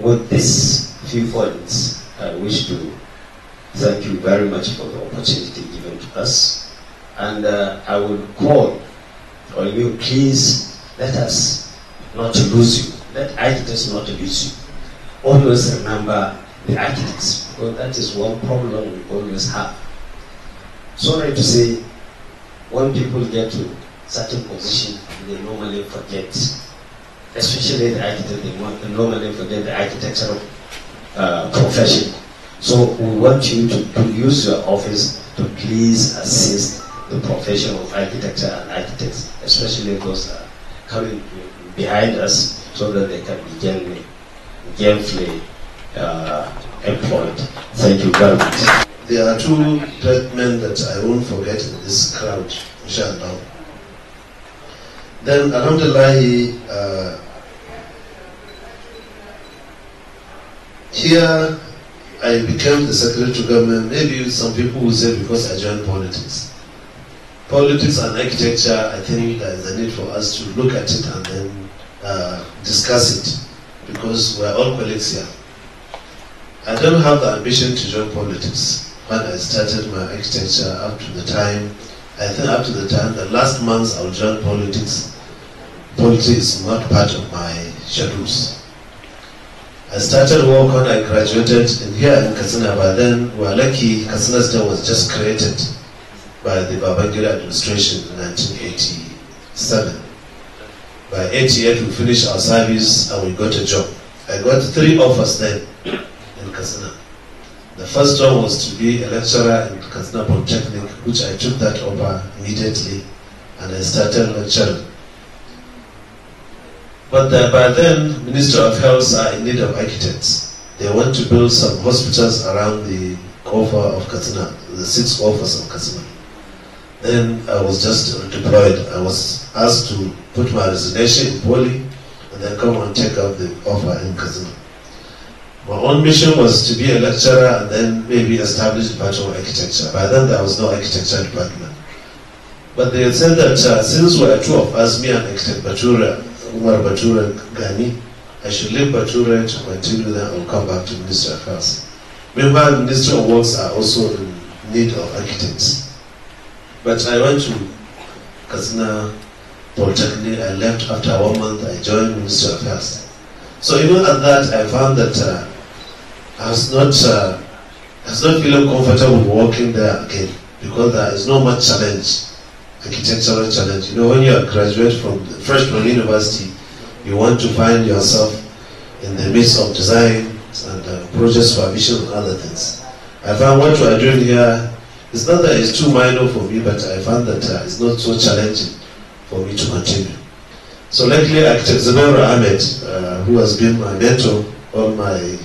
with these few points, I wish to thank you very much for the opportunity given to us. And uh, I will call on you, please let us not lose you. Let architects not lose you. Always remember the architects, because that is one problem we always have. Sorry to say, when people get to certain position, they normally forget especially the architect, they, want, normally forget the architectural uh, profession. So we want you to, to use your office to please assist the profession of architecture and architects, especially those uh, coming behind us, so that they can be gently, gently uh, employed. Thank you very much. There are two men that I won't forget in this crowd, inshallah. Then, alhamdulillah, uh, here I became the secretary to government. Maybe some people will say because I joined politics. Politics and architecture, I think there is a need for us to look at it and then uh, discuss it because we are all colleagues here. I don't have the ambition to join politics when I started my architecture up to the time I think up to the time, the last months I'll join politics. Politics is not part of my schedules. I started work when I graduated in here in Katsina, but then we are lucky Katsina State was just created by the Babangida administration in 1987. By 88 we finished our service and we got a job. I got three offers then in Katsina. The first job was to be a lecturer in Katsina Polytechnic, which I took that over immediately and I started lecturing. But the, by then, Minister of Health are in need of architects. They want to build some hospitals around the offer of Katsina, the six offers of Katsina. Then I was just deployed. I was asked to put my resignation in Poli and then come and take up the offer in Katsina. My own mission was to be a lecturer and then maybe establish department of architecture. By then there was no architecture department. But they said that uh, since we are two of us, me and architect Batura, Umar Batura Ghani, I should leave Batura to continue there and come back to Ministry of Affairs. Meanwhile, Ministry of Works are also in need of architects. But I went to Kazna Polytechnic, I left after one month, I joined Ministry of Health. So even at that, I found that uh, has not, uh, I not feeling comfortable walking there again because there is no much challenge, architectural challenge. You know, when you are graduate from fresh university, you want to find yourself in the midst of design and uh, projects for vision and other things. I found what we are doing here it's not that it's too minor for me, but I found that uh, it's not so challenging for me to continue. So lately, Architect Zubair Ahmed, uh, who has been my mentor all my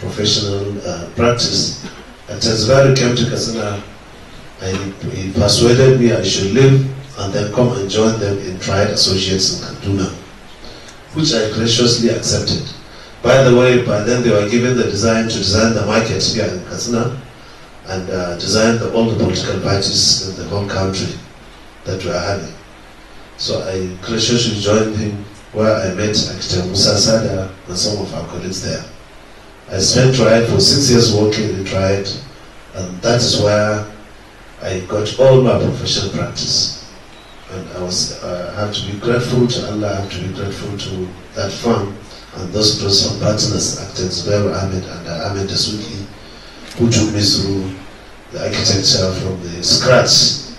professional uh, practice. And Tanzvari came to Kasana and he, he, persuaded me I should leave and then come and join them in Triad Associates in Kaduna, which I graciously accepted. By the way, by then they were given the design to design the market here in Kasana and uh, design the, all the political parties in the whole country that we are having. So I graciously joined him where I met Architect Musa Sada and some of our colleagues there. I spent triad for six years working in triad, and that is where I got all my professional practice. And I was uh, I have to be grateful to Allah, I have to be grateful to that firm and those close partners, acted Zubair Ahmed and uh, Ahmed Dasuki, who took me through the architecture from the scratch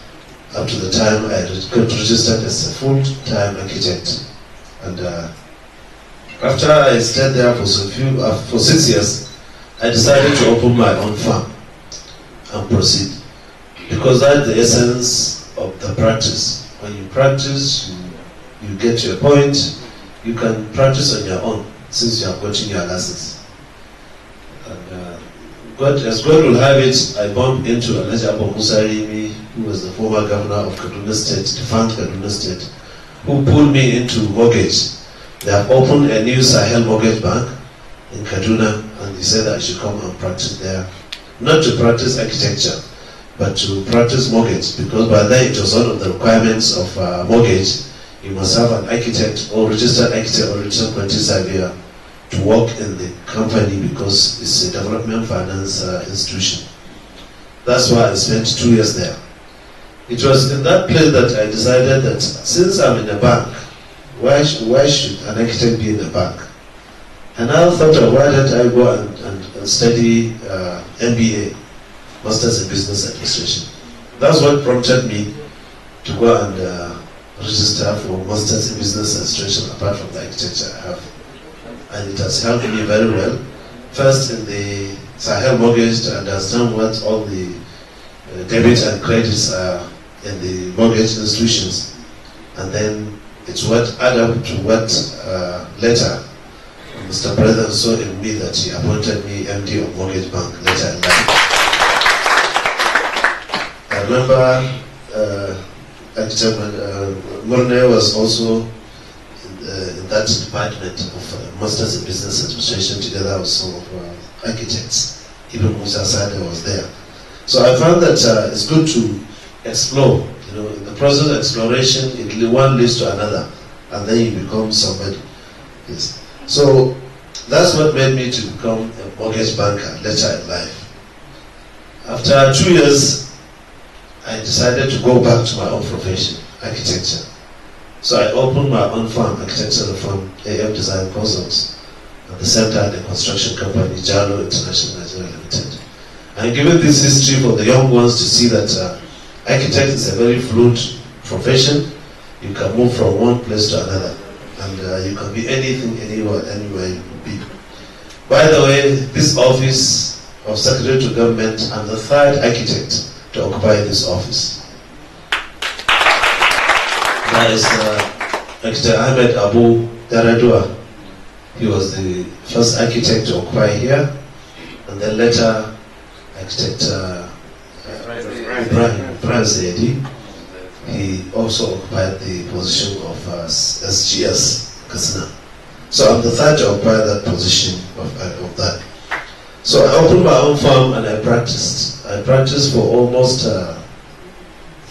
up to the time I got registered as a full-time architect. And uh, after I stayed there for, few, uh, for six years, I decided to open my own farm and proceed because that's the essence of the practice. When you practice, you, you get your point. You can practice on your own since you have gotten your license. And, uh, God, as God will have it, I bumped into Alhaji Abu Musarimi, who was the former governor of Kaduna State, defunct Kaduna State, who pulled me into mortgage they have opened a new Sahel Mortgage Bank in Kaduna, and he said I should come and practice there, not to practice architecture, but to practice mortgage, because by then it was one of the requirements of uh, mortgage. You must have an architect or registered architect or registered quantity to work in the company because it's a development finance uh, institution. That's why I spent two years there. It was in that place that I decided that since I'm in a bank, why, sh why should an architect be in a bank? And I thought of why don't I go and, and, and study uh, MBA, Masters in Business Administration. That's what prompted me to go and uh, register for Masters in Business Administration apart from the architecture I have. And it has helped me very well. First in the Sahel mortgage to understand what all the uh, debit and credits are in the mortgage institutions. And then it's what Adam to what uh, Mr. President saw in me that he appointed me MD of Mortgage Bank later in life. I remember uh, uh, Murne was also in, in, that department of uh, Masters in Business Administration together with some of architects. Even Musa Sade was there. So I found that uh, it's good to explore, you know, in the process of exploration, Ultimately, one leads to another, and then you become somebody. Yes. So that's what made me to become a mortgage banker later in life. After two years, I decided to go back to my own profession, architecture. So I opened my own firm, architectural firm, AF Design Consults, at the same time the construction company, Jalo International Nigeria Limited. i given this history for the young ones to see that uh, architect is a very fluid profession you can move from one place to another, and uh, you can be anything, anywhere, anywhere you can be. By the way, this office of Secretary to Government, I'm the third architect to occupy this office. That is uh, Architect Ahmed Abu Daradua. He was the first architect to occupy here, and then later Architect uh, Ibrahim, Ibrahim Zedi he also occupied the position of uh, SGS Kasna. So I'm the third to occupy that position of, uh, of that. So I opened my own farm and I practiced. I practiced for almost uh,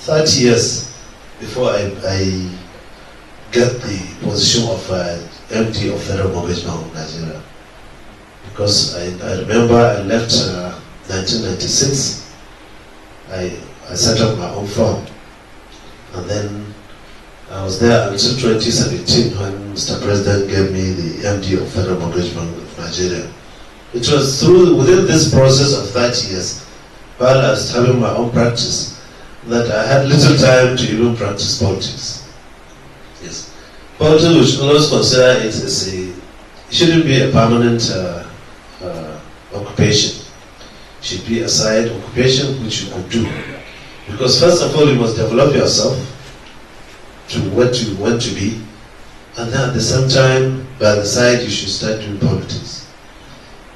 30 years before I, I got the position of uh, MD of Federal Mortgage Bank of Nigeria. Because I, I remember I left uh, 1996, I, I set up my own farm and then I was there until 2017 when Mr. President gave me the MD of Federal Mortgage Bank of Nigeria. It was through within this process of 30 years, while I was having my own practice, that I had little time to even practice politics. Yes, politics, which always consider it as a, it shouldn't be a permanent uh, uh, occupation. It should be a side occupation which you could do because first of all, you must develop yourself to what you want to be, and then at the same time, by the side, you should start doing politics.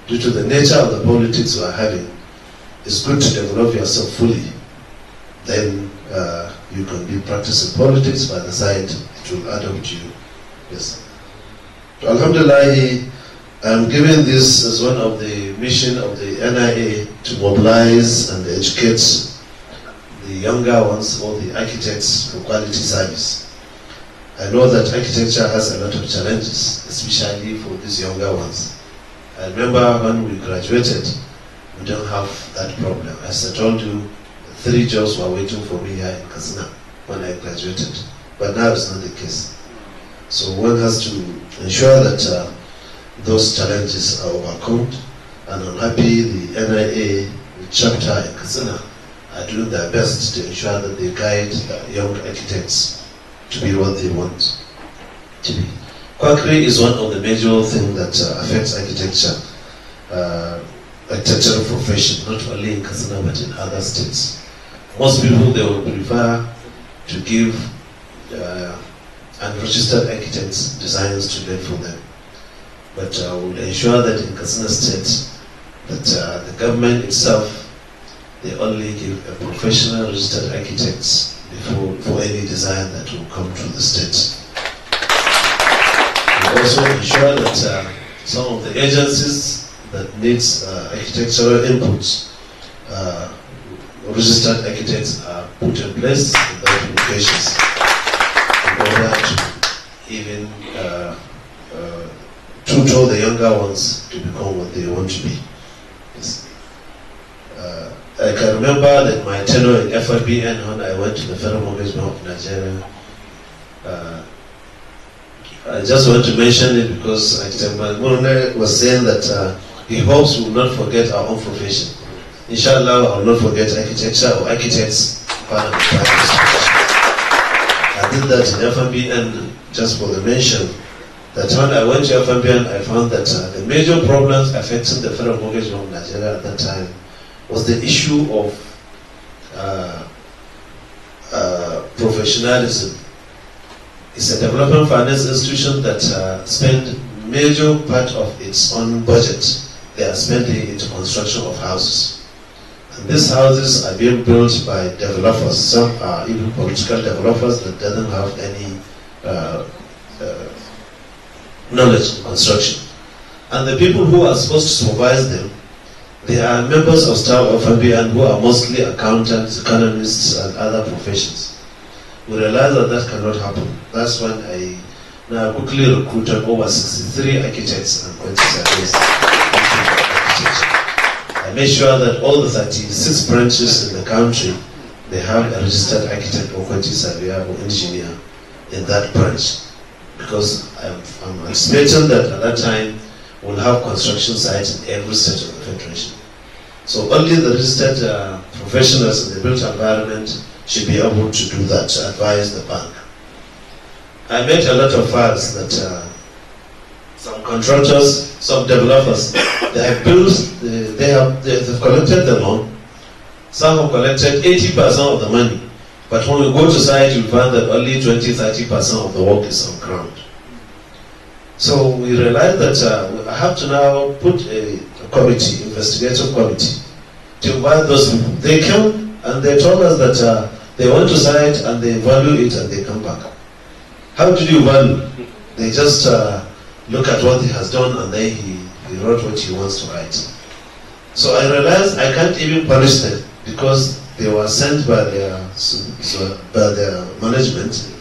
Due to the nature of the politics we are having, it's good to develop yourself fully. Then uh, you can be practicing politics by the side, it will add up to you. Yes. Alhamdulillah, I'm giving this as one of the mission of the NIA to mobilize and educate the younger ones or the architects for quality service. I know that architecture has a lot of challenges, especially for these younger ones. I remember when we graduated, we don't have that problem. As I told you, three jobs were waiting for me here in Kazina when I graduated, but now it's not the case. So one has to ensure that uh, those challenges are overcome, and I'm happy the NIA chapter in Kazina are doing their best to ensure that they guide the young architects to be what they want to be. Quackery is one of the major things that uh, affects architecture, uh, architectural profession, not only in Katsina but in other states. Most people they will prefer to give uh, unregistered architects designs to them for them, but uh, will ensure that in Katsina state that uh, the government itself they only give professional registered architects before, for any design that will come to the state. We also ensure that uh, some of the agencies that needs uh, architectural inputs, uh, registered architects are put in place in those locations in order to even uh, uh, tutor the younger ones to become what they want to be. Uh, I can remember that my tenure in FIBN when I went to the Federal Mortgage Bank of Nigeria, uh, I just want to mention it because Murne was saying that uh, he hopes we will not forget our own profession. Inshallah, I will not forget architecture or architects. I did that in FMBN just for the mention that when I went to FMBN, I found that uh, the major problems affecting the Federal Mortgage Bank of Nigeria at that time was the issue of uh, uh, professionalism. It's a development finance institution that uh, spend major part of its own budget. They are spending into construction of houses. And these houses are being built by developers. Some are even political developers that doesn't have any uh, uh knowledge in construction. And the people who are supposed to supervise them they are members of staff of FBN who are mostly accountants, economists, and other professions. We realized that that cannot happen. That's when I now quickly recruited over 63 architects and 20 I made sure that all the 36 branches in the country they have a registered architect or quantity surveyor or engineer in that branch because I'm, I'm that at that time will have construction sites in every state of the federation. So only the registered uh, professionals in the built environment should be able to do that, to advise the bank. I met a lot of files that uh, some contractors, some developers, they have built, they, they have they, have collected the loan. Some have collected 80% of the money, but when you go to site, you find that only 20-30% of the work is on ground. So we realized that uh, I have to now put a, a committee, investigative committee, to invite those people. They came and they told us that uh, they went to site and they value it and they come back. How do you value? They just uh, look at what he has done and then he, he wrote what he wants to write. So I realized I can't even punish them because they were sent by their, by their management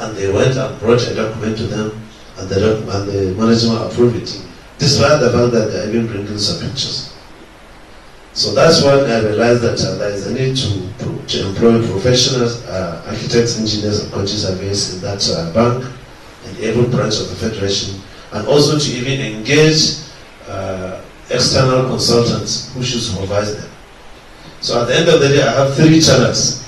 and they went and brought a document to them and the, and the management approved it, despite the fact that they are even bringing some pictures. So that's when I realized that uh, there is a need to, to employ professionals, uh, architects, engineers, and county surveyors in that uh, bank and every branch of the federation, and also to even engage uh, external consultants who should supervise them. So at the end of the day, I have three channels.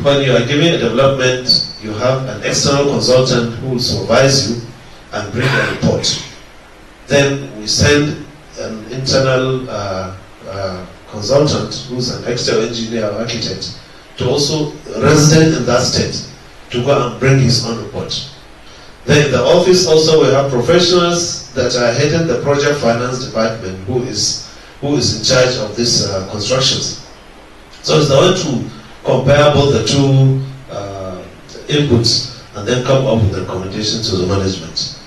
When you are giving a development, you have an external consultant who will supervise you and bring a report. Then we send an internal uh, uh, consultant who's an external engineer or architect to also resident in that state to go and bring his own report. Then in the office also we have professionals that are heading the project finance department who is who is in charge of these uh, constructions. So it's the way to compare both the two uh, inputs and then come up with the recommendation to the management.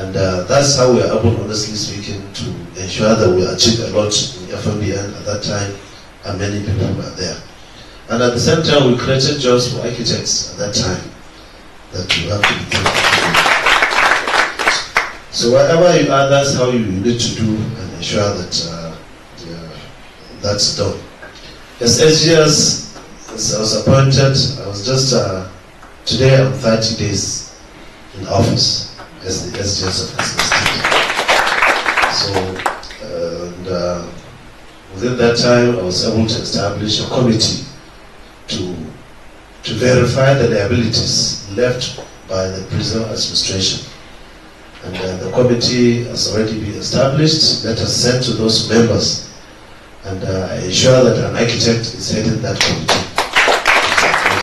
And uh, that's how we are able, honestly speaking, to ensure that we achieve a lot in FMBN at that time, and uh, many people were there. And at the same time, we created jobs for architects at that time that we have to be thankful So whatever you are, that's how you need to do and ensure that uh, yeah, that's done. As SGS, as I was appointed, I was just, uh, today I'm 30 days in office as, the, as of as the So, and, uh, within that time, I was able to establish a committee to, to verify the liabilities left by the prison administration. And uh, the committee has already been established, letters sent to those members, and uh, I ensure that an architect is heading that committee.